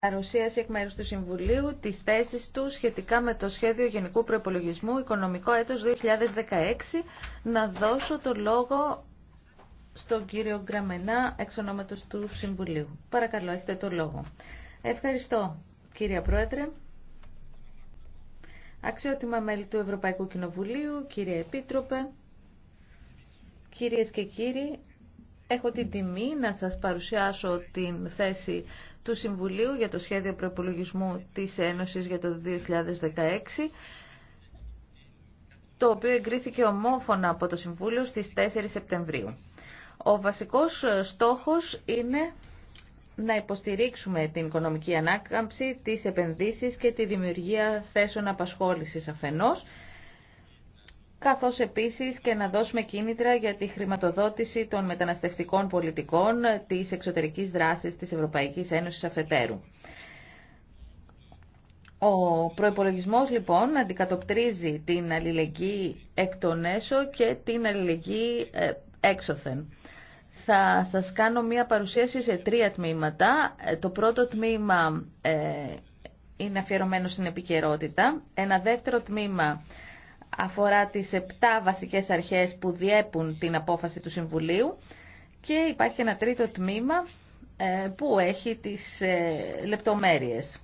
Παρουσίαση εκ μέρους του Συμβουλίου της θέσης του σχετικά με το σχέδιο Γενικού Προπολογισμού Οικονομικό έτος 2016 να δώσω το λόγο στον κύριο Γκραμενά εξ του Συμβουλίου. Παρακαλώ, έχετε το λόγο. Ευχαριστώ κύριε Πρόεδρε. Αξιότιμα μέλη του Ευρωπαϊκού Κοινοβουλίου, κύριε Επίτροπε, κυρίες και κύριοι, έχω την τιμή να σας παρουσιάσω την θέση του Συμβουλίου για το σχέδιο προπολογισμού της Ένωσης για το 2016 το οποίο εγκρίθηκε ομόφωνα από το Συμβούλιο στις 4 Σεπτεμβρίου. Ο βασικός στόχος είναι να υποστηρίξουμε την οικονομική ανάκαμψη, τις επενδύσεις και τη δημιουργία θέσεων απασχόλησης αφενός, καθώς επίσης και να δώσουμε κίνητρα για τη χρηματοδότηση των μεταναστευτικών πολιτικών της εξωτερικής δράσης της Ευρωπαϊκής Ένωσης Αφετέρου. Ο προϋπολογισμός λοιπόν αντικατοπτρίζει την αλληλεγγύη εκ των έσω και την αλληλεγγύη ε, έξωθεν. Θα σας κάνω μία παρουσίαση σε τρία τμήματα. Ε, το πρώτο τμήμα ε, είναι αφιερωμένο στην επικαιρότητα. Ένα δεύτερο τμήμα αφορά τις επτά βασικές αρχές που διέπουν την απόφαση του Συμβουλίου και υπάρχει ένα τρίτο τμήμα ε, που έχει τις ε, λεπτομέρειες.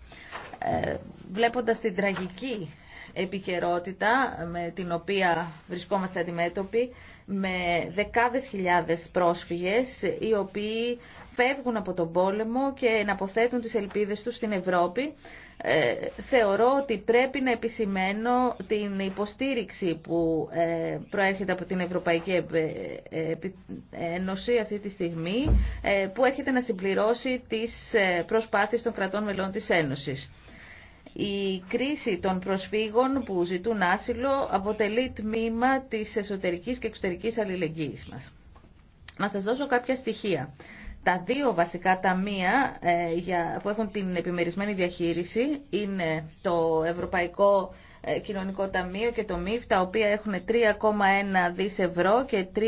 Ε, βλέποντας την τραγική επικαιρότητα με την οποία βρισκόμαστε αντιμέτωποι με δεκάδες χιλιάδες πρόσφυγες οι οποίοι φεύγουν από τον πόλεμο και εναποθέτουν τις ελπίδες τους στην Ευρώπη ε, θεωρώ ότι πρέπει να επισημαίνω την υποστήριξη που ε, προέρχεται από την Ευρωπαϊκή ε, Ένωση αυτή τη στιγμή, ε, που έρχεται να συμπληρώσει τις προσπάθειες των κρατών μελών της Ένωσης. Η κρίση των προσφύγων που ζητούν άσυλο αποτελεί τμήμα της εσωτερικής και εξωτερικής αλληλεγγύης μας. Να σας δώσω κάποια στοιχεία. Τα δύο βασικά ταμεία ε, που έχουν την επιμερισμένη διαχείριση είναι το Ευρωπαϊκό ε, Κοινωνικό Ταμείο και το ΜΥΦ, τα οποία έχουν 3,1 δις ευρώ και 3,7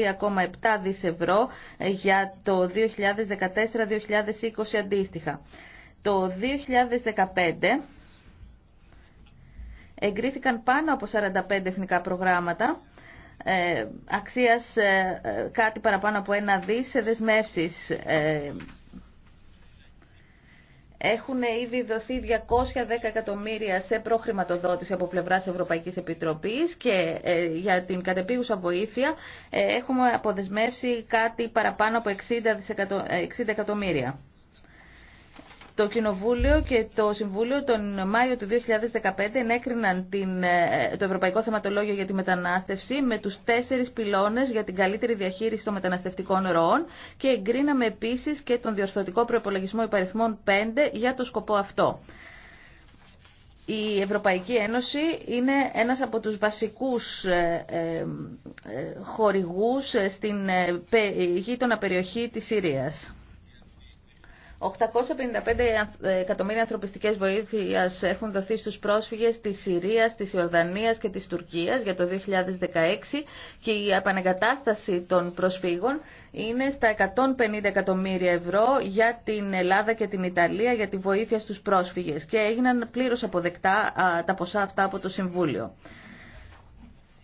δις ευρώ ε, για το 2014-2020 αντίστοιχα. Το 2015 εγκρίθηκαν πάνω από 45 εθνικά προγράμματα ε, αξίας ε, ε, κάτι παραπάνω από ένα δί σε δεσμεύσεις. Έχουν ήδη δοθεί 210 εκατομμύρια σε προχρηματοδότηση από πλευράς Ευρωπαϊκής Επιτροπής και για την κατεπίγουσα βοήθεια έχουμε αποδεσμεύσει κάτι παραπάνω από 60 εκατομμύρια. Το Κοινοβούλιο και το Συμβούλιο τον Μάιο του 2015 ενέκριναν την, ε, το Ευρωπαϊκό Θεματολόγιο για τη Μετανάστευση με τους τέσσερις πυλώνες για την καλύτερη διαχείριση των μεταναστευτικών ροών και εγκρίναμε επίσης και τον διορθωτικό προπολογισμό υπαριθμών 5 για το σκοπό αυτό. Η Ευρωπαϊκή Ένωση είναι ένας από τους βασικούς ε, ε, χορηγούς στην γείτονα περιοχή της Συρίας. 855 ε, εκατομμύρια ανθρωπιστικές βοήθειες έχουν δοθεί στους πρόσφυγες τη Συρία, τη Ιορδανία και τη Τουρκία για το 2016 και η επανεγκατάσταση των προσφύγων είναι στα 150 εκατομμύρια ευρώ για την Ελλάδα και την Ιταλία για τη βοήθεια στους πρόσφυγες και έγιναν πλήρως αποδεκτά τα ποσά αυτά από το Συμβούλιο.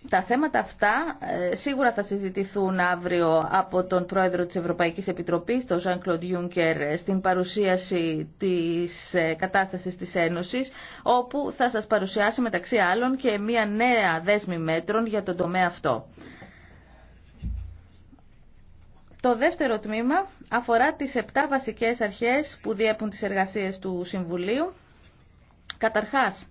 Τα θέματα αυτά ε, σίγουρα θα συζητηθούν αύριο από τον Πρόεδρο της Ευρωπαϊκής Επιτροπής, τον Ζαν Κλοντ Juncker, ε, στην παρουσίαση της ε, κατάστασης της Ένωσης, όπου θα σας παρουσιάσει μεταξύ άλλων και μια νέα δέσμη μέτρων για τον τομέα αυτό. Το δεύτερο τμήμα αφορά τις επτά βασικές αρχές που διέπουν τις εργασίες του Συμβουλίου. Καταρχάς,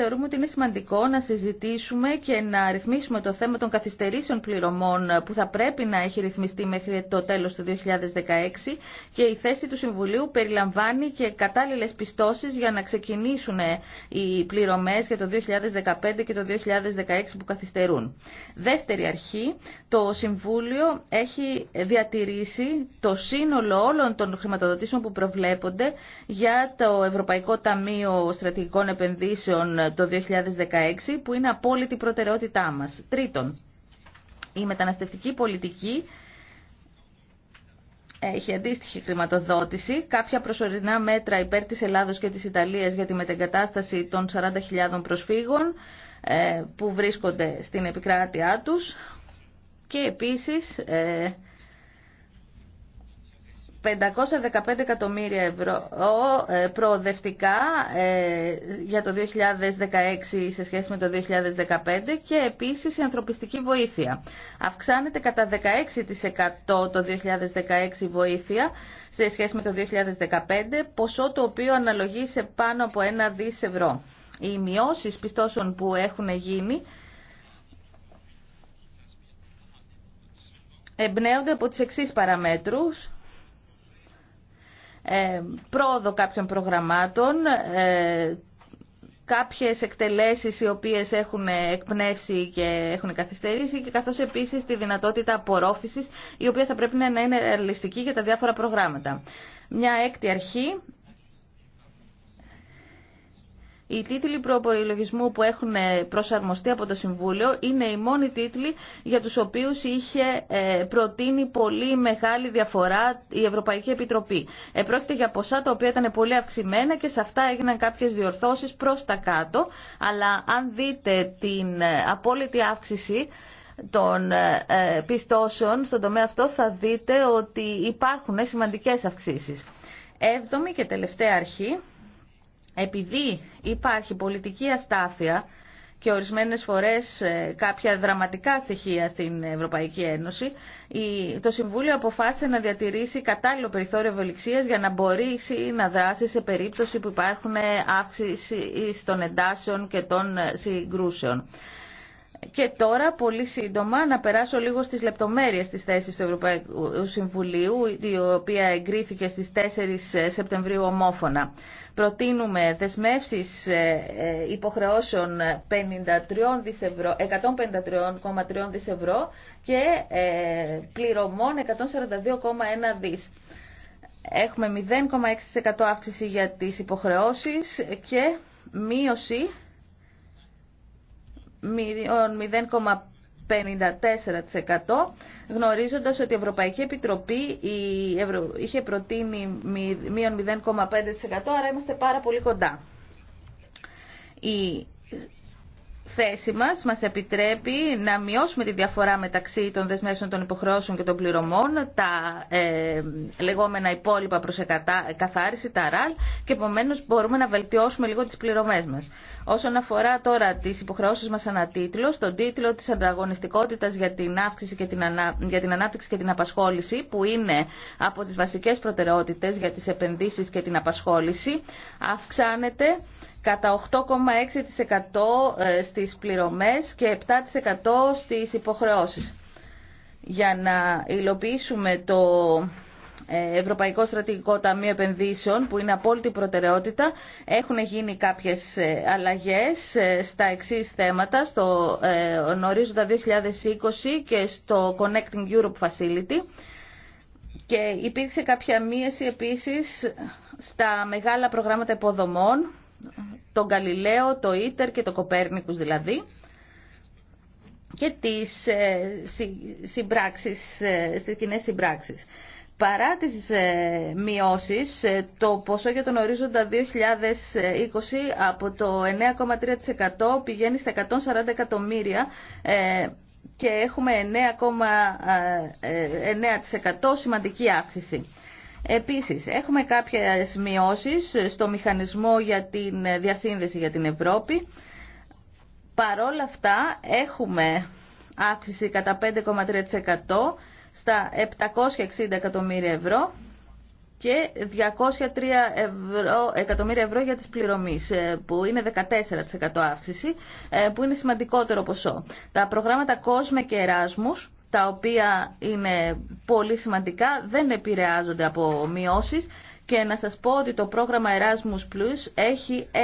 θεωρούμε ότι είναι σημαντικό να συζητήσουμε και να ρυθμίσουμε το θέμα των καθυστερήσεων πληρωμών που θα πρέπει να έχει ρυθμιστεί μέχρι το τέλος του 2016 και η θέση του Συμβουλίου περιλαμβάνει και κατάλληλες πιστώσεις για να ξεκινήσουν οι πληρωμές για το 2015 και το 2016 που καθυστερούν. Δεύτερη αρχή, το Συμβούλιο έχει διατηρήσει το σύνολο όλων των χρηματοδοτήσεων που προβλέπονται για το Ευρωπαϊκό Ταμείο Στρατηγικών Επενδύσεων το 2016 που είναι απόλυτη προτεραιότητά μας. Τρίτον, η μεταναστευτική πολιτική έχει αντίστοιχη χρηματοδότηση. Κάποια προσωρινά μέτρα υπέρ της Ελλάδος και της Ιταλίας για τη μετεγκατάσταση των 40.000 προσφύγων ε, που βρίσκονται στην επικράτειά τους. Και επίσης ε, 515 εκατομμύρια ευρώ ε, προοδευτικά ε, για το 2016 σε σχέση με το 2015 και επίσης η ανθρωπιστική βοήθεια. Αυξάνεται κατά 16% το 2016 βοήθεια σε σχέση με το 2015, ποσό το οποίο αναλογεί σε πάνω από ένα δις ευρώ. Οι μειώσεις πιστώσεων που έχουν γίνει εμπνέονται από τις εξής παραμέτρους ε, πρόοδο κάποιων προγραμμάτων, ε, κάποιες εκτελέσεις οι οποίες έχουν εκπνεύσει και έχουν καθυστερήσει και καθώς επίσης τη δυνατότητα απορρόφησης η οποία θα πρέπει να είναι ρεαλιστική για τα διάφορα προγράμματα. Μια έκτη αρχή οι τίτλοι προπολογισμού που έχουν προσαρμοστεί από το Συμβούλιο είναι οι μόνοι τίτλοι για τους οποίους είχε ε, προτείνει πολύ μεγάλη διαφορά η Ευρωπαϊκή Επιτροπή. Επρόκειται για ποσά τα οποία ήταν πολύ αυξημένα και σε αυτά έγιναν κάποιες διορθώσεις προς τα κάτω. Αλλά αν δείτε την ε, απόλυτη αύξηση των ε, πιστώσεων στον τομέα αυτό θα δείτε ότι υπάρχουν σημαντικές αυξήσεις. Έβδομη και τελευταία αρχή επειδή υπάρχει πολιτική αστάθεια και ορισμένες φορές ε, κάποια δραματικά στοιχεία στην Ευρωπαϊκή Ένωση, το Συμβούλιο αποφάσισε να διατηρήσει κατάλληλο περιθώριο ευελιξίας για να μπορέσει να δράσει σε περίπτωση που υπάρχουν ε, αύξηση των εντάσεων και των ε, συγκρούσεων. Και τώρα, πολύ σύντομα, να περάσω λίγο στις λεπτομέρειες της θέσης του Ευρωπαϊκού Συμβουλίου, η οποία εγκρίθηκε στις 4 Σεπτεμβρίου ομόφωνα. Προτείνουμε δεσμεύσεις ε, ε, υποχρεώσεων 153,3 δις ευρώ και ε, πληρωμών 142,1 δις. Έχουμε 0,6% αύξηση για τις υποχρεώσεις και μείωση 0,54% γνωρίζοντας ότι η Ευρωπαϊκή Επιτροπή είχε προτείνει μείον 0,5% άρα είμαστε πάρα πολύ κοντά. Η θέση μας μας επιτρέπει να μειώσουμε τη διαφορά μεταξύ των δεσμεύσεων των υποχρεώσεων και των πληρωμών, τα ε, λεγόμενα υπόλοιπα προς καθάριση, τα ραλ και επομένω μπορούμε να βελτιώσουμε λίγο τις πληρωμές μας. Όσον αφορά τώρα τις υποχρεώσεις μας ανατίτλο, στον τίτλο της ανταγωνιστικότητας για την, και την, για την ανάπτυξη και την απασχόληση που είναι από τις βασικές προτεραιότητες για τις επενδύσεις και την απασχόληση αυξάνεται κατά 8,6% ε, στις πληρωμές και 7% στις υποχρεώσεις. Για να υλοποιήσουμε το ε, Ευρωπαϊκό Στρατηγικό Ταμείο Επενδύσεων, που είναι απόλυτη προτεραιότητα, έχουν γίνει κάποιες ε, αλλαγές στα εξή θέματα, στο Νορίζοντα 2020 και στο Connecting Europe Facility. Και υπήρξε κάποια μίεση επίσης στα μεγάλα προγράμματα υποδομών, τον Γαλιλαίο, το Ίτερ και το Κοπέρνικους δηλαδή και τις ε, συμπράξεις, ε, στις κοινές συμπράξεις. Παρά τις ε, μειώσεις, το ποσό για τον ορίζοντα 2020 από το 9,3% πηγαίνει στα 140 εκατομμύρια και έχουμε 9,9% σημαντική αύξηση. Επίσης, έχουμε κάποιες μειώσεις στο μηχανισμό για την διασύνδεση για την Ευρώπη. Παρόλα αυτά, έχουμε αύξηση κατά 5,3% στα 760 εκατομμύρια ευρώ και 203 εκατομμύρια ευρώ για τις πληρωμές, ε, που είναι 14% αύξηση, ε, που είναι σημαντικότερο ποσό. Τα προγράμματα κόσμε και Erasmus τα οποία είναι πολύ σημαντικά, δεν επηρεάζονται από μειώσεις και να σας πω ότι το πρόγραμμα Erasmus Plus έχει 1,8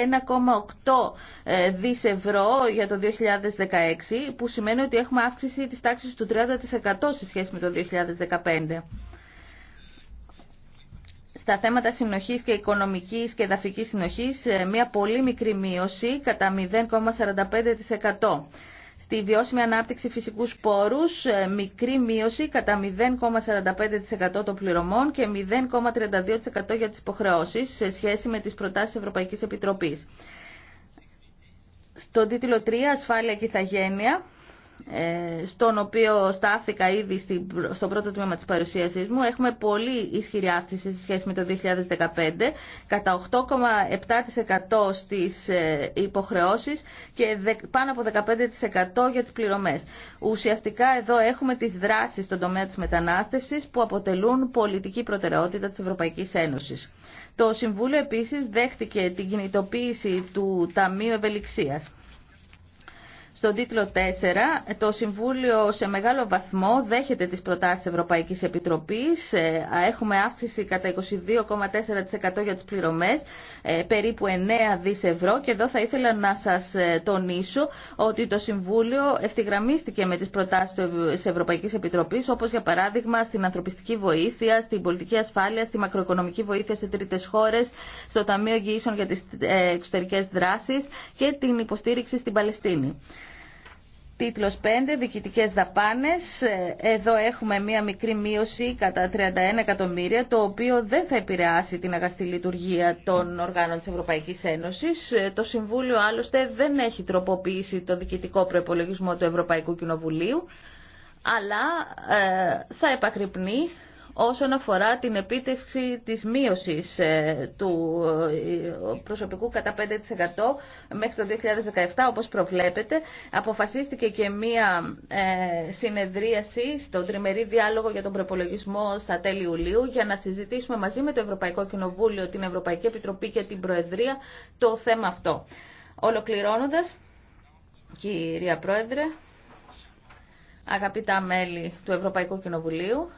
ε, δις ευρώ για το 2016 που σημαίνει ότι έχουμε αύξηση της τάξης του 30% σε σχέση με το 2015 στα θέματα συνοχής και οικονομικής και εδαφικής συνοχής ε, μια πολύ μικρή μείωση κατά 0,45% στη βιώσιμη ανάπτυξη φυσικούς πόρους, ε, μικρή μείωση κατά 0,45% των πληρωμών και 0,32% για τις υποχρεώσεις σε σχέση με τις προτάσεις Ευρωπαϊκής Επιτροπής. Στον τίτλο 3, ασφάλεια και ηθαγένεια, ε, στον οποίο στάθηκα ήδη στο πρώτο τμήμα της παρουσίασής μου, έχουμε πολύ ισχυρή αύξηση σε σχέση με το 2015, κατά 8,7% στις ε, υποχρεώσεις και πάνω από 15% για τις πληρωμές. Ουσιαστικά εδώ έχουμε τις δράσεις στον τομέα της μετανάστευσης που αποτελούν πολιτική προτεραιότητα της Ευρωπαϊκής Ένωσης. Το Συμβούλιο επίσης δέχτηκε την κινητοποίηση του Ταμείου Ευελιξίας. Στον τίτλο 4, το Συμβούλιο σε μεγάλο βαθμό δέχεται τις προτάσεις Ευρωπαϊκής Επιτροπής. Ε, έχουμε αύξηση κατά 22,4% για τις πληρωμές, ε, περίπου 9 δις ευρώ. Και εδώ θα ήθελα να σας ε, τονίσω ότι το Συμβούλιο ευθυγραμμίστηκε με τις προτάσεις της Ευρωπαϊκής Επιτροπής, όπως για παράδειγμα στην ανθρωπιστική βοήθεια, στην πολιτική ασφάλεια, στη μακροοικονομική βοήθεια σε τρίτες χώρες, στο Ταμείο Εγγυήσεων για τις εξωτερικές δράσεις και την υποστήριξη στην Παλαιστίνη. Τίτλος 5, διοικητικές δαπάνες. Ε, εδώ έχουμε μία μικρή μείωση κατά 31 εκατομμύρια, το οποίο δεν θα επηρεάσει την αγαστή λειτουργία των οργάνων της Ευρωπαϊκής Ένωσης. Ε, το Συμβούλιο άλλωστε δεν έχει τροποποιήσει το διοικητικό προπολογισμό του Ευρωπαϊκού Κοινοβουλίου, αλλά ε, θα επακρυπνεί όσον αφορά την επίτευξη της μείωσης ε, του ε, προσωπικού κατά 5% μέχρι το 2017 όπως προβλέπετε. Αποφασίστηκε και μία ε, συνεδρίαση στον τριμερή διάλογο για τον προπολογισμό στα τέλη Ιουλίου για να συζητήσουμε μαζί με το Ευρωπαϊκό Κοινοβούλιο, την Ευρωπαϊκή Επιτροπή και την Προεδρία το θέμα αυτό. Ολοκληρώνοντας, κυρία Πρόεδρε, αγαπητά μέλη του Ευρωπαϊκού Κοινοβουλίου,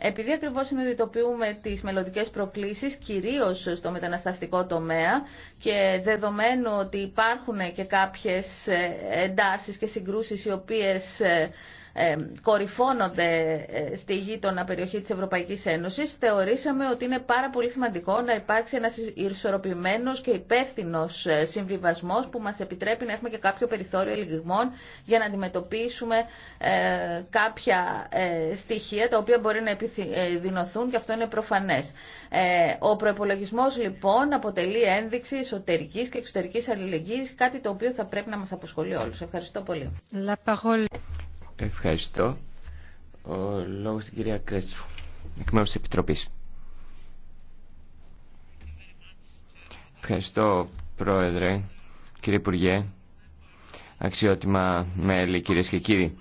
Επειδή ακριβώ συνειδητοποιούμε τι μελλοντικέ προκλήσει, κυρίω στο μεταναστευτικό τομέα και δεδομένου ότι υπάρχουν και κάποιες ε, εντάσει και συγκρούσει οι οποίε ε, ε, κορυφώνονται ε, στη γείτονα περιοχή της Ευρωπαϊκής Ένωσης, θεωρήσαμε ότι είναι πάρα πολύ σημαντικό να υπάρξει ένας ισορροπημένος και υπεύθυνο ε, συμβιβασμός που μας επιτρέπει να έχουμε και κάποιο περιθώριο ελιγμών για να αντιμετωπίσουμε κάποια στοιχεία τα οποία μπορεί να επιδεινωθούν και αυτό είναι προφανές. ο προπολογισμό λοιπόν αποτελεί ένδειξη εσωτερικής και εξωτερικής αλληλεγγύης, κάτι το οποίο θα πρέπει να μας αποσχολεί όλους. Ευχαριστώ πολύ. Ευχαριστώ. Ο λόγος στην κυρία Κρέτσου, εκ μέρους της Επιτροπής. Ευχαριστώ, Πρόεδρε, κύριε Υπουργέ, αξιότιμα μέλη, κυρίε και κύριοι.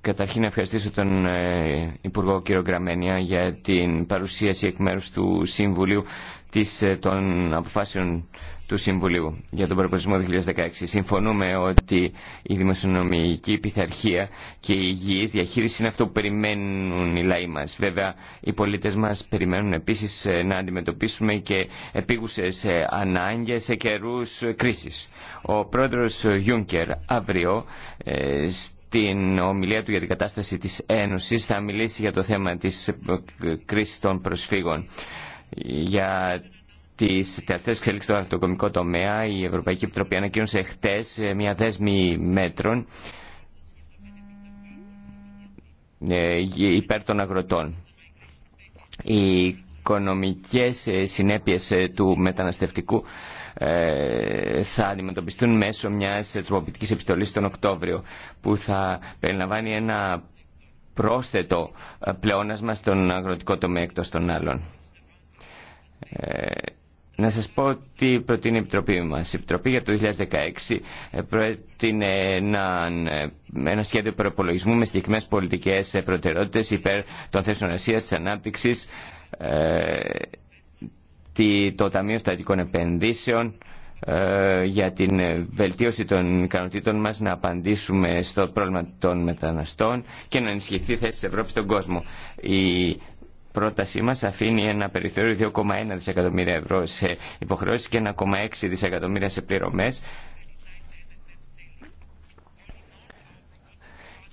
Καταρχήν ευχαριστήσω τον ε, Υπουργό κύριο Γραμμένια, για την παρουσίαση εκ μέρους του Συμβουλίου της, ε, των αποφάσεων του Συμβουλίου για τον 2016. Συμφωνούμε ότι η δημοσιονομική πειθαρχία και η υγιής διαχείριση είναι αυτό που περιμένουν οι λαοί μας. Βέβαια, οι πολίτες μας περιμένουν επίσης ε, να αντιμετωπίσουμε και επίγουσες ε, ανάγκες σε καιρούς κρίσης. Ο πρόεδρος Γιούνκερ αύριο ε, στην ομιλία του για την κατάσταση της Ένωσης θα μιλήσει για το θέμα της κρίσης των προσφύγων για τι τελευταίε εξέλιξει στον αυτοκομικό τομέα, η Ευρωπαϊκή Επιτροπή ανακοίνωσε χτε ε, μια δέσμη μέτρων ε, υπέρ των αγροτών. Οι οικονομικές ε, συνέπειες του μεταναστευτικού θα αντιμετωπιστούν μέσω μια τροποποιητική επιστολής τον Οκτώβριο που θα περιλαμβάνει ένα πρόσθετο πλεόνασμα στον αγροτικό τομέα εκτός των άλλων. Να σας πω τι προτείνει η Επιτροπή μας. Η Επιτροπή για το 2016 προτείνει ένα, ένα σχέδιο προπολογισμού με συγκεκριμένες πολιτικές ε, προτεραιότητες υπέρ των θέσεων εργασίας, της ανάπτυξης, ε, το Ταμείο Στατικών Επενδύσεων, ε, για την βελτίωση των ικανοτήτων μας να απαντήσουμε στο πρόβλημα των μεταναστών και να ενισχυθεί η θέση της Ευρώπης στον κόσμο. Η πρότασή μας αφήνει ένα περιθώριο 2,1 δισεκατομμύρια ευρώ σε υποχρεώσεις και 1,6 δισεκατομμύρια σε πληρωμές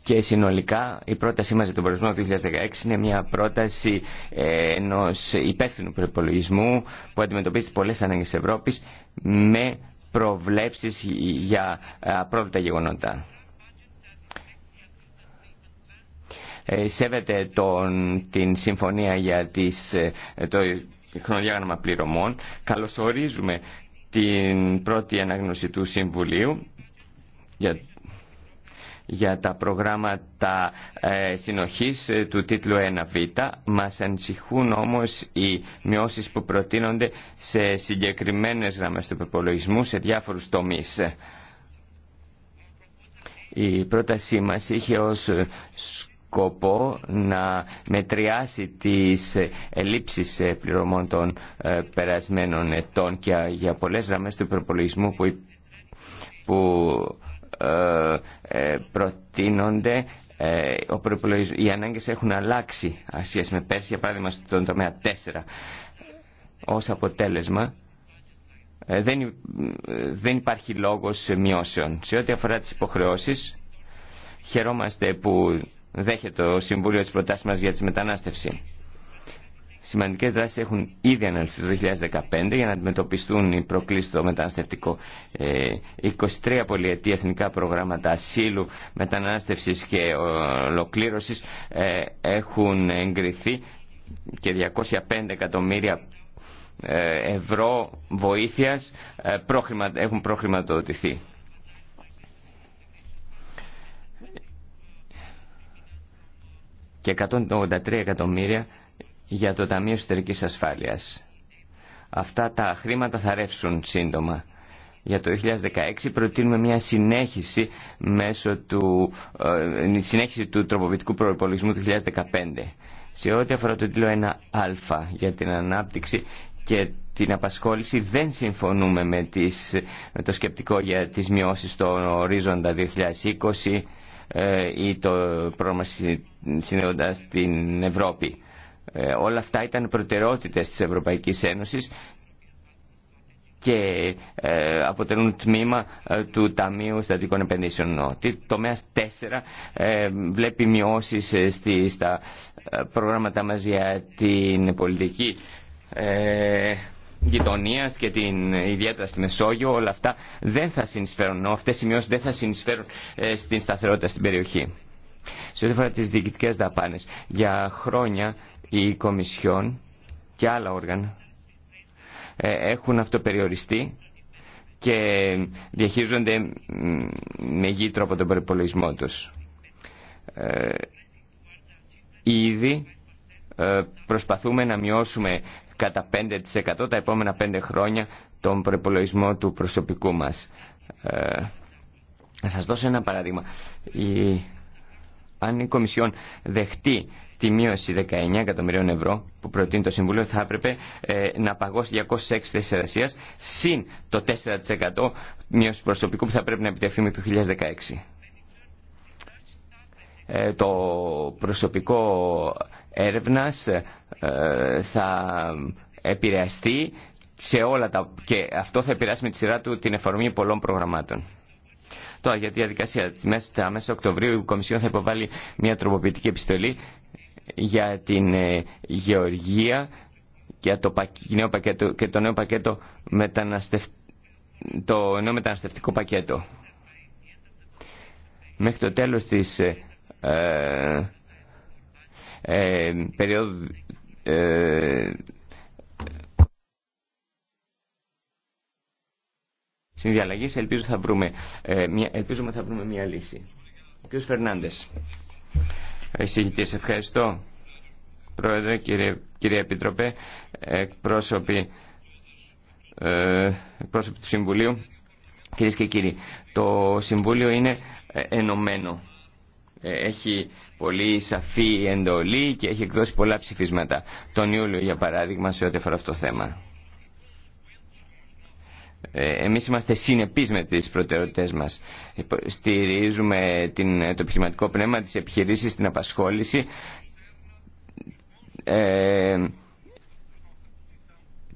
και συνολικά η πρότασή μας για τον προορισμό 2016 είναι μια πρόταση ε, ενός υπεύθυνου προπολογισμού που αντιμετωπίζει πολλές ανάγκες Ευρώπης με προβλέψεις για ε, απρόβλητα γεγονότα. Ε, σέβεται τον, την συμφωνία για τις, ε, το χρονοδιάγραμμα πληρωμών. Καλωσορίζουμε την πρώτη ανάγνωση του Συμβουλίου για, για τα προγράμματα ε, συνοχής ε, του τίτλου 1β. Μας ανησυχούν όμως οι μειώσεις που προτείνονται σε συγκεκριμένες γραμμές του υπολογισμού σε διάφορους τομείς. Η πρότασή μας είχε ως σκοπό να μετριάσει τις ελλείψεις ε, πληρωμών των ε, περασμένων ετών και ε, για πολλές γραμμές του προπολογισμού που, που προτείνονται ο οι ανάγκες έχουν αλλάξει ασίες με πέρσι για παράδειγμα στον τομέα 4 ως αποτέλεσμα δεν, δεν υπάρχει λόγος μειώσεων σε ό,τι αφορά τις υποχρεώσεις χαιρόμαστε που δέχεται το Συμβούλιο της Προτάσης μας για τη μετανάστευση. Σημαντικές δράσεις έχουν ήδη αναλυθεί το 2015 για να αντιμετωπιστούν οι προκλήσει στο μεταναστευτικό. 23 ε, πολυετή εθνικά προγράμματα ασύλου, μετανάστευσης και ολοκλήρωσης ε, έχουν εγκριθεί και 205 εκατομμύρια ε, ευρώ βοήθειας έχουν προχρηματοδοτηθεί. και 183 εκατομμύρια για το Ταμείο Συντερική Ασφάλειας. Αυτά τα χρήματα θα ρεύσουν σύντομα. Για το 2016 προτείνουμε μια συνέχιση, μέσω του, ε, συνέχιση του τροποποιητικού προπολογισμού του 2015 σε ό,τι αφορά το τίτλο 1α για την ανάπτυξη και την απασχόληση δεν συμφωνούμε με, τις, το σκεπτικό για τις μειώσεις στον ορίζοντα 2020 ε, ή το πρόγραμμα συνδέοντας στην Ευρώπη. Ε, όλα αυτά ήταν προτεραιότητες της Ευρωπαϊκής Ένωσης και ε, αποτελούν τμήμα του Ταμείου Στατικών Επενδύσεων. Το τομέας 4 βλέπει μειώσεις στα προγράμματα μας για την πολιτική γειτονία και την, ιδιαίτερα στη Μεσόγειο, όλα αυτά δεν θα συνεισφέρουν, αυτέ οι σημειώσει δεν θα συνεισφέρουν ε, στην σταθερότητα στην περιοχή. Σε ό,τι αφορά τι διοικητικέ δαπάνε, για χρόνια οι Κομισιόν και άλλα όργανα ε, έχουν αυτοπεριοριστεί και διαχείριζονται με γη τρόπο τον προπολογισμό τους. Ε, ήδη προσπαθούμε να μειώσουμε κατά 5% τα επόμενα 5 χρόνια τον προπολογισμό του προσωπικού μας. Ε, να σας δώσω ένα παράδειγμα. Η, αν η Κομισιόν δεχτεί τη μείωση 19 εκατομμυρίων ευρώ που προτείνει το Συμβούλιο θα έπρεπε ε, να παγώσει 206 θέσεις εργασίας συν το 4% μείωση προσωπικού που θα πρέπει να επιτευχθεί με το 2016. Ε, το προσωπικό έρευνας ε, θα επηρεαστεί σε όλα τα... και αυτό θα επηρεάσει με τη σειρά του την εφαρμογή πολλών προγραμμάτων. Τώρα για τη διαδικασία. Μέσα, μέσα Οκτωβρίου η Κομισιόν θα υποβάλει μια τροποποιητική επιστολή για την ε, γεωργία και το, νέο πακέτο, και το νέο πακέτο μεταναστευτικό πακέτο. Μέχρι το τέλος της ε, ε, περίοδο ε, συνδιαλλαγής ελπίζω θα βρούμε, ε, μια, θα βρούμε μια λύση. Ο κ. Φερνάντες. ευχαριστώ. Πρόεδρε, κύριε, Επίτροπε, εκπρόσωποι, ε, εκπρόσωποι του Συμβουλίου, κυρίες και κύριοι, το Συμβούλιο είναι ε, ενωμένο ε, έχει πολύ σαφή εντολή και έχει εκδώσει πολλά ψηφίσματα. Τον Ιούλιο, για παράδειγμα, σε ό,τι αφορά αυτό το θέμα. Ε, εμείς είμαστε συνεπείς με τις προτεραιότητες μας. Στηρίζουμε την, το επιχειρηματικό πνεύμα, τις επιχειρήσεις, την απασχόληση, ε,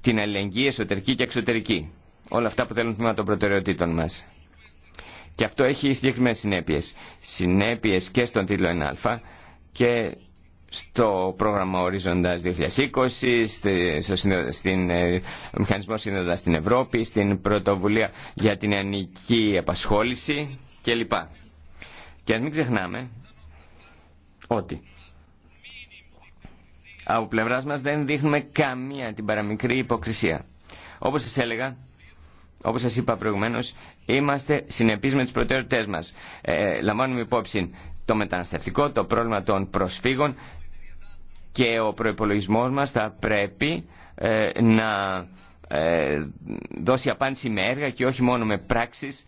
την αλληλεγγύη εσωτερική και εξωτερική. Όλα αυτά αποτελούν τμήμα των προτεραιοτήτων μας. Και αυτό έχει συγκεκριμένε συνέπειε. Συνέπειε και στον τίτλο 1α και στο πρόγραμμα Ορίζοντα 2020, στο, στην ε, Μηχανισμό Σύνδεδας στην Ευρώπη, στην Πρωτοβουλία για την Ενική Επασχόληση κλπ. Και α μην ξεχνάμε ότι από πλευρά μα δεν δείχνουμε καμία την παραμικρή υποκρισία. Όπως σα έλεγα, όπως σας είπα προηγουμένως, είμαστε συνεπείς με τις προτεραιότητές μας. Ε, ε, λαμβάνουμε υπόψη το μεταναστευτικό, το πρόβλημα των προσφύγων και ο προϋπολογισμός μας θα πρέπει ε, να δώσει απάντηση με έργα και όχι μόνο με πράξεις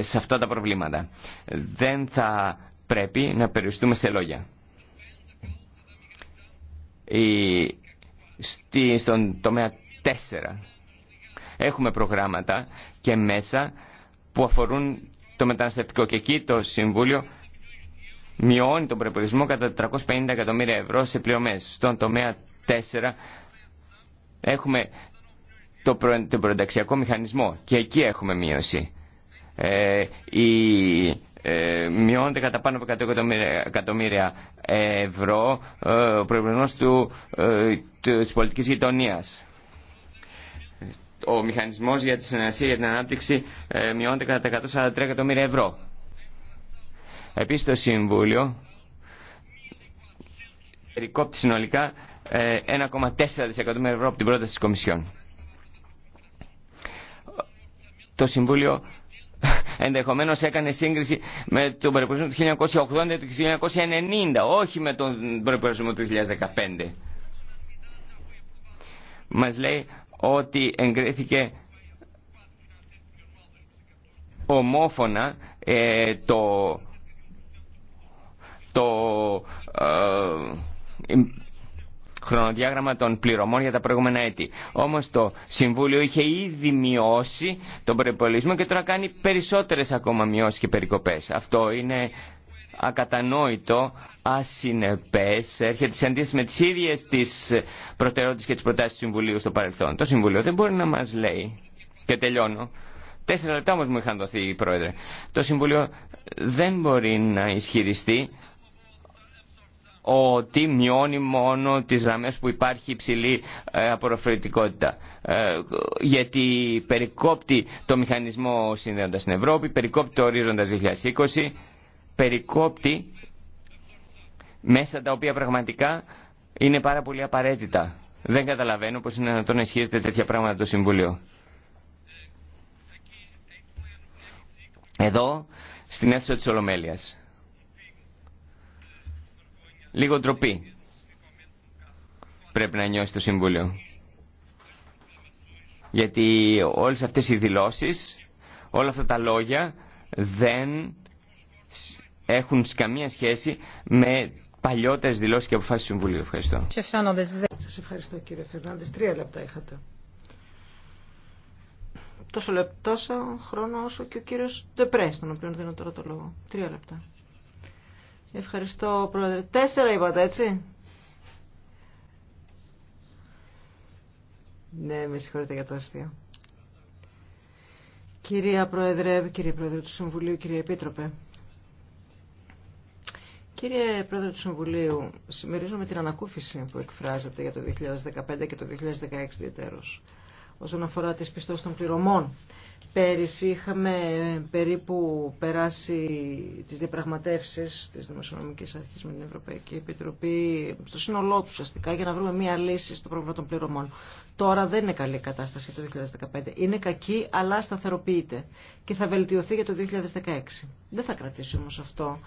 σε αυτά τα προβλήματα. Δεν θα πρέπει να περιοριστούμε σε λόγια. στον τομέα 4 Έχουμε προγράμματα και μέσα που αφορούν το μεταναστευτικό και εκεί το Συμβούλιο μειώνει τον προϋπολογισμό κατά 350 εκατομμύρια ευρώ σε πληρωμές. Στον τομέα 4 έχουμε το, προ, το προενταξιακό μηχανισμό και εκεί έχουμε μείωση. Ε, η, ε, μειώνεται κατά πάνω από 100 εκατομμύρια, ευρώ ε, ο προϋπολογισμός του, ε, της πολιτικής γειτονίας ο μηχανισμός για τη συνεργασία για την ανάπτυξη ε, μειώνεται κατά 143 εκατομμύρια ευρώ. Επίση το Συμβούλιο περικόπτει συνολικά 1,4 ε, δισεκατομμύρια ευρώ από την πρόταση τη Κομισιόν. Το Συμβούλιο ενδεχομένω έκανε σύγκριση με τον προπολογισμό του 1980 και του 1990, όχι με τον προπολογισμό του 2015. Μας λέει ότι εγκρίθηκε ομόφωνα ε, το, το ε, χρονοδιάγραμμα των πληρωμών για τα προηγούμενα έτη. Όμως το Συμβούλιο είχε ήδη μειώσει τον προπολογισμό και τώρα κάνει περισσότερες ακόμα μειώσεις και περικοπές. Αυτό είναι ακατανόητο, ασυνεπές, έρχεται σε αντίθεση με τις ίδιες τις προτεραιότητες και τις προτάσεις του Συμβουλίου στο παρελθόν. Το Συμβουλίο δεν μπορεί να μας λέει, και τελειώνω, τέσσερα λεπτά όμως μου είχαν δοθεί οι Πρόεδρε, το Συμβουλίο δεν μπορεί να ισχυριστεί ότι μειώνει μόνο τις γραμμές που υπάρχει υψηλή ε, απορροφητικότητα. Ε, γιατί περικόπτει το μηχανισμό συνδέοντας στην Ευρώπη, περικόπτει το ορίζοντας 2020 περικόπτει μέσα τα οποία πραγματικά είναι πάρα πολύ απαραίτητα. Δεν καταλαβαίνω πώς είναι να τον ισχύεται τέτοια πράγματα το Συμβούλιο. Εδώ, στην αίθουσα της Ολομέλειας. Λίγο ντροπή πρέπει να νιώσει το Συμβούλιο. Γιατί όλες αυτές οι δηλώσεις, όλα αυτά τα λόγια δεν έχουν καμία σχέση με παλιότερε δηλώσει και αποφάσει του Συμβουλίου. Ευχαριστώ. Σα ευχαριστώ κύριε Φερνάνδη. Τρία λεπτά είχατε. Τόσο λεπτό χρόνο όσο και ο κύριο Ντεπρέ, τον οποίο δίνω τώρα το λόγο. Τρία λεπτά. Ευχαριστώ πρόεδρε. Τέσσερα είπατε έτσι. Ναι, με συγχωρείτε για το αστείο. Κυρία Πρόεδρε, κύριε Πρόεδρε του Συμβουλίου, κύριε Επίτροπε, Κύριε Πρόεδρε του Συμβουλίου, συμμερίζομαι την ανακούφιση που εκφράζεται για το 2015 και το 2016 ιδιαίτερως όσον αφορά τις πιστώσεις των πληρωμών. Πέρυσι είχαμε περίπου περάσει τις διαπραγματεύσεις της Δημοσιονομικής Αρχής με την Ευρωπαϊκή Επιτροπή στο σύνολό του ουσιαστικά για να βρούμε μία λύση στο πρόβλημα των πληρωμών. Τώρα δεν είναι καλή η κατάσταση το 2015. Είναι κακή αλλά σταθεροποιείται και θα βελτιωθεί για το 2016. Δεν θα κρατήσει όμως αυτό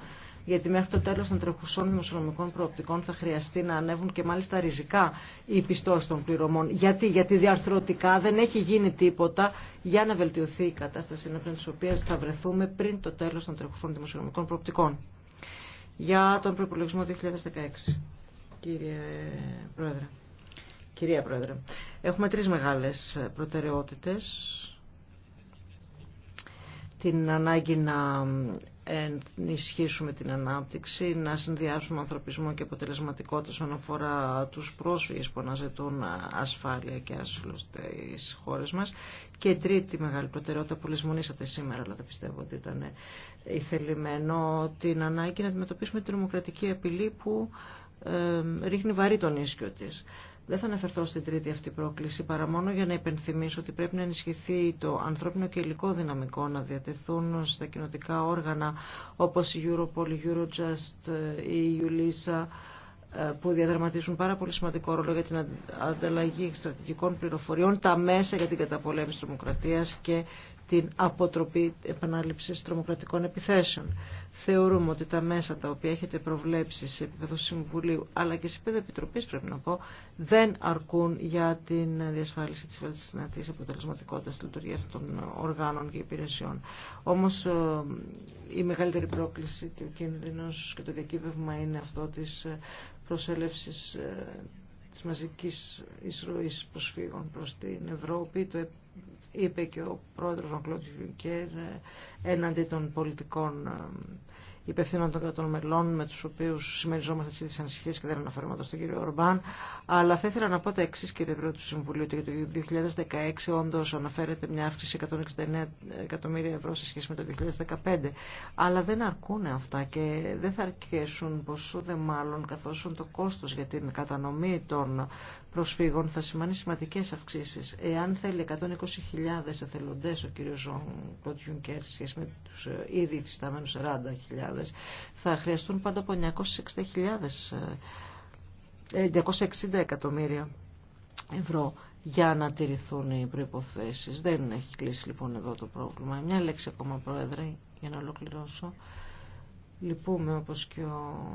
γιατί μέχρι το τέλος των τρεχουσών δημοσιονομικών προοπτικών θα χρειαστεί να ανέβουν και μάλιστα ριζικά οι πιστώσεις των πληρωμών. Γιατί, γιατί διαρθρωτικά δεν έχει γίνει τίποτα για να βελτιωθεί η κατάσταση ενώπιον της οποίας θα βρεθούμε πριν το τέλος των τρεχουσών δημοσιονομικών προοπτικών. Για τον προπολογισμό 2016, κύριε Πρόεδρε. Κυρία Πρόεδρε, έχουμε τρεις μεγάλες προτεραιότητες την ανάγκη να ενισχύσουμε την ανάπτυξη, να συνδυάσουμε ανθρωπισμό και αποτελεσματικότητα όσον αφορά τους πρόσφυγες που αναζητούν ασφάλεια και άσυλο στις χώρες μας. Και τρίτη μεγάλη προτεραιότητα που λησμονήσατε σήμερα, αλλά δεν πιστεύω ότι ήταν ηθελημένο, την ανάγκη να αντιμετωπίσουμε την δημοκρατική απειλή που ε, ρίχνει βαρύ τον ίσκιο της. Δεν θα αναφερθώ στην τρίτη αυτή πρόκληση παρά μόνο για να υπενθυμίσω ότι πρέπει να ενισχυθεί το ανθρώπινο και υλικό δυναμικό να διατεθούν στα κοινοτικά όργανα όπως η Europol, η Eurojust, η EULISA ε, που διαδραματίζουν πάρα πολύ σημαντικό ρόλο για την ανταλλαγή στρατηγικών πληροφοριών, τα μέσα για την καταπολέμηση της δημοκρατίας και την αποτροπή επανάληψης τρομοκρατικών επιθέσεων. Θεωρούμε ότι τα μέσα τα οποία έχετε προβλέψει σε επίπεδο Συμβουλίου αλλά και σε επίπεδο Επιτροπής πρέπει να πω δεν αρκούν για την διασφάλιση της αποτελεσματικότητα αποτελεσματικότητας της λειτουργίας των οργάνων και υπηρεσιών. Όμως ε, η μεγαλύτερη πρόκληση και ο κίνδυνος και το διακύβευμα είναι αυτό της ε, προσέλευσης ε, της μαζικής εισρωής προσφύγων προς την Ευρώπη, το είπε και ο πρόεδρος Κλώτης Γιουνκέρ, ε, έναντι των πολιτικών ε, υπευθύνων των κρατών μελών με τους οποίους συμμεριζόμαστε τις ίδιες ανησυχίες και δεν αναφέρομαι εδώ στον κύριο Ορμπάν. Αλλά θα ήθελα να πω τα εξής κύριε Πρόεδρε του Συμβουλίου ότι για το 2016 όντως αναφέρεται μια αύξηση 169 εκατομμύρια ευρώ σε σχέση με το 2015. Αλλά δεν αρκούν αυτά και δεν θα αρκέσουν ποσού δε μάλλον καθώς το κόστος για την κατανομή των προσφύγων θα σημαίνει σημαντικές αυξήσεις. Εάν θέλει 120.000 εθελοντέ, ο κύριος Ζων Κλοντ με τους ε, ήδη υφιστάμενους 40.000 θα χρειαστούν πάντα από 960 ε, εκατομμύρια ευρώ για να τηρηθούν οι προϋποθέσεις. Δεν έχει κλείσει λοιπόν εδώ το πρόβλημα. Μια λέξη ακόμα πρόεδρε για να ολοκληρώσω. Λυπούμε όπως και ο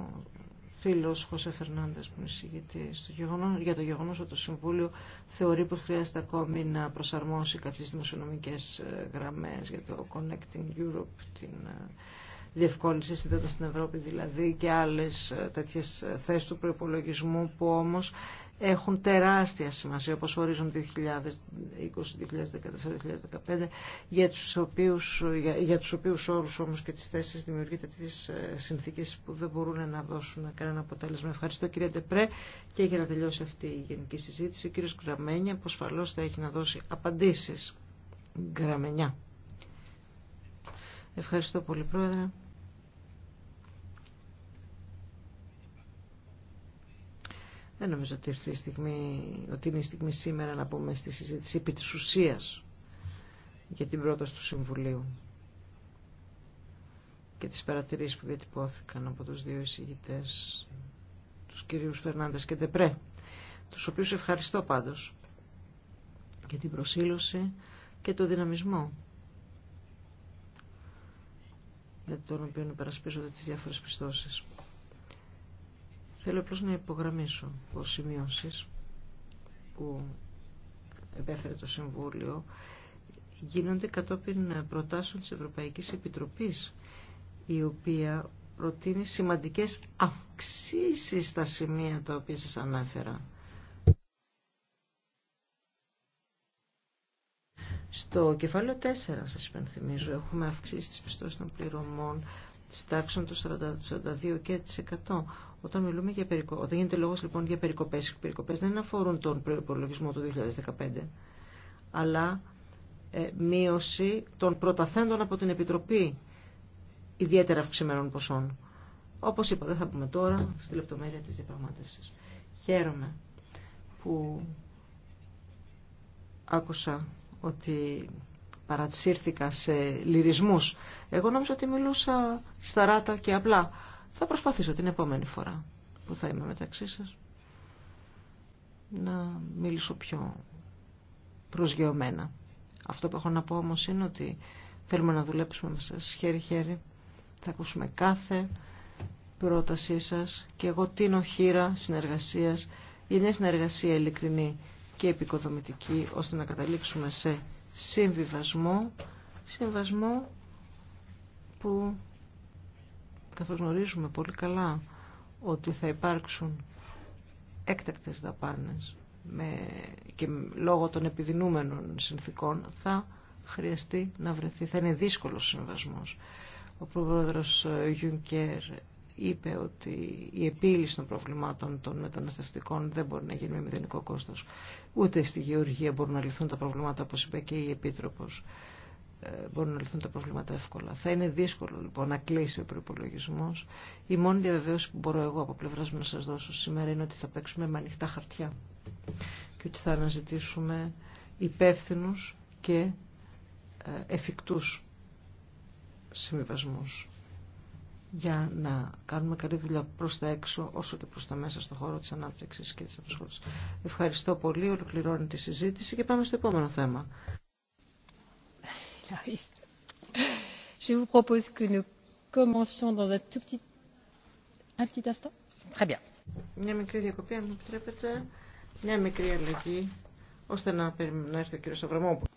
φίλος Χωσέ Φερνάντες που γεγονός, για το γεγονός ότι το Συμβούλιο θεωρεί πως χρειάζεται ακόμη να προσαρμόσει κάποιες δημοσιονομικές ε, γραμμές για το Connecting Europe, την ε, διευκόλυνση συνδέοντας στην Ευρώπη δηλαδή και άλλες ε, τέτοιες ε, θέσεις του προπολογισμού που όμως έχουν τεράστια σημασία όπως ορίζουν 2020, 2014, 2015 για τους, οποίους, για, για τους όμως και τις θέσεις δημιουργείται τις ε, συνθήκες που δεν μπορούν να δώσουν κανένα αποτέλεσμα. Ευχαριστώ κύριε Ντεπρέ και για να τελειώσει αυτή η γενική συζήτηση ο κύριος Γραμμένια που ασφαλώς θα έχει να δώσει απαντήσεις. Γραμμένια. Ευχαριστώ πολύ Πρόεδρε. Δεν νομίζω ότι, η στιγμή, ότι είναι η στιγμή σήμερα να πούμε στη συζήτηση επί της ουσίας για την πρόταση του Συμβουλίου και τις παρατηρήσεις που διατυπώθηκαν από τους δύο εισηγητές, τους κυρίους Φερνάντες και Ντεπρέ, τους οποίους ευχαριστώ πάντως για την προσήλωση και το δυναμισμό για τον οποίο υπερασπίζονται τις διάφορες πιστώσεις. Θέλω απλώς να υπογραμμίσω πως σημειώσεις που επέφερε το Συμβούλιο γίνονται κατόπιν προτάσεων της Ευρωπαϊκής Επιτροπής η οποία προτείνει σημαντικές αυξήσεις στα σημεία τα οποία σας ανέφερα. Στο κεφάλαιο 4, σας υπενθυμίζω, έχουμε αυξήσει τις πιστώσεις των πληρωμών της τάξης των 42 και της 100. Όταν, μιλούμε για περικο... Όταν γίνεται λόγος λοιπόν για περικοπές, οι περικοπές δεν αφορούν τον προϋπολογισμό του 2015, αλλά ε, μείωση των προταθέντων από την Επιτροπή ιδιαίτερα αυξημένων ποσών. Όπως είπα, δεν θα πούμε τώρα στη λεπτομέρεια της διαπραγμάτευσης. Χαίρομαι που άκουσα ότι παρατσύρθηκα σε λυρισμούς. Εγώ νόμιζα ότι μιλούσα σταράτα και απλά. Θα προσπαθήσω την επόμενη φορά που θα είμαι μεταξύ σας να μιλήσω πιο προσγειωμένα. Αυτό που έχω να πω όμως είναι ότι θέλουμε να δουλέψουμε με σας χέρι-χέρι. Θα ακούσουμε κάθε πρότασή σας και εγώ τίνω χείρα συνεργασίας Είναι μια συνεργασία ειλικρινή και επικοδομητική ώστε να καταλήξουμε σε συμβιβασμό, συμβασμό που καθώς γνωρίζουμε πολύ καλά ότι θα υπάρξουν έκτακτες δαπάνες με, και λόγω των επιδεινούμενων συνθήκων θα χρειαστεί να βρεθεί, θα είναι δύσκολος συμβασμός. Ο πρόεδρος Γιουνκέρ είπε ότι η επίλυση των προβλημάτων των μεταναστευτικών δεν μπορεί να γίνει με μηδενικό κόστος. Ούτε στη γεωργία μπορούν να λυθούν τα προβλήματα, όπως είπε και η Επίτροπος. Ε, μπορούν να λυθούν τα προβλήματα εύκολα. Θα είναι δύσκολο λοιπόν να κλείσει ο προπολογισμό. Η μόνη διαβεβαίωση που μπορώ εγώ από πλευρά μου να σα δώσω σήμερα είναι ότι θα παίξουμε με ανοιχτά χαρτιά και ότι θα αναζητήσουμε υπεύθυνου και ε, εφικτούς συμβιβασμούς για να κάνουμε καλή δουλειά προς τα έξω όσο και προς τα μέσα στο χώρο της ανάπτυξης και της απασχόλησης. Ευχαριστώ πολύ. Ολοκληρώνει τη συζήτηση και πάμε στο επόμενο θέμα. Je vous propose que nous dans un tout petit, un petit instant. Très bien. Μια μικρή διακοπή, αν μου επιτρέπετε, μια μικρή αλλαγή, ώστε να, έρθει ο κύριος Αβραμόπουλος.